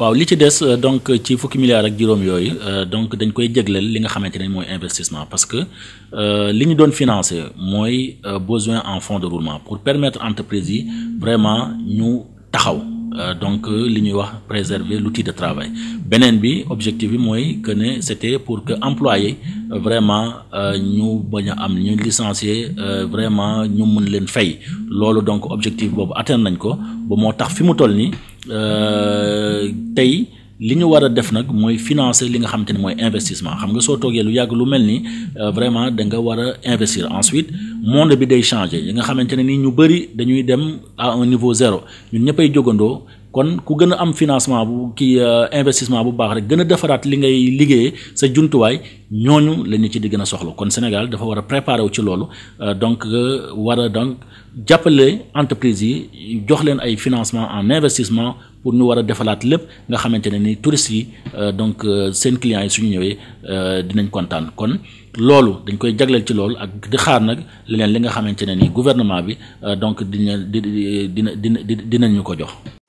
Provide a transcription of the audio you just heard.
waaw li ci des euh, donc ci fukki milliards ak juróom yooyu euh, donc dañ koy jégleel li nga xamante ne mooy investissement parce que euh, li ñu doon financer mooy besoin en fonds de roulement pour permettre entreprise yi vraiment ñu taxaw donc li ñuy wax préserver l'outil de travail beneen bi objectif bi mooy que ne c'était pour que employé vraiment ñu bañ a am ñu licencier vraiment ñu mën leen fay loolu donc objectif boobu atteindre nañ ko ba moo tax fi mu toll nii Euh, tey li ñu war a def nag mooy financer li nga xamante ni mooy investissement xam nga soo toogee lu yàgg lu mel ni euh, vraiment da nga war a investir ensuite monde bi day changer yi nga xamante ne ni ñu bëri dañuy dem à un niveau zéro ñun ñëppay jógandoo kon ku gën a am financement bu kii euh, investissement bu baax rek gën a defaraat li ngay liggéeyee sa juntuwaay ñooñu la nit ci di gën a soxla kon Sénégal dafa war a préparer wu ci loolu euh, donc euh, war a donc jàppale entreprise yi jox leen ay financement en investissement pour ñu war a defalaat lépp nga xamante ne ni touristes yi donc seen clients yi suñu ñëwee dinañ kontaan kon loolu dañ koy jagleel ci loolu ak di xaar nag leneen li nga xamante ne ni gouvernement bi donc dina dina dina dinañ ñu ko jox.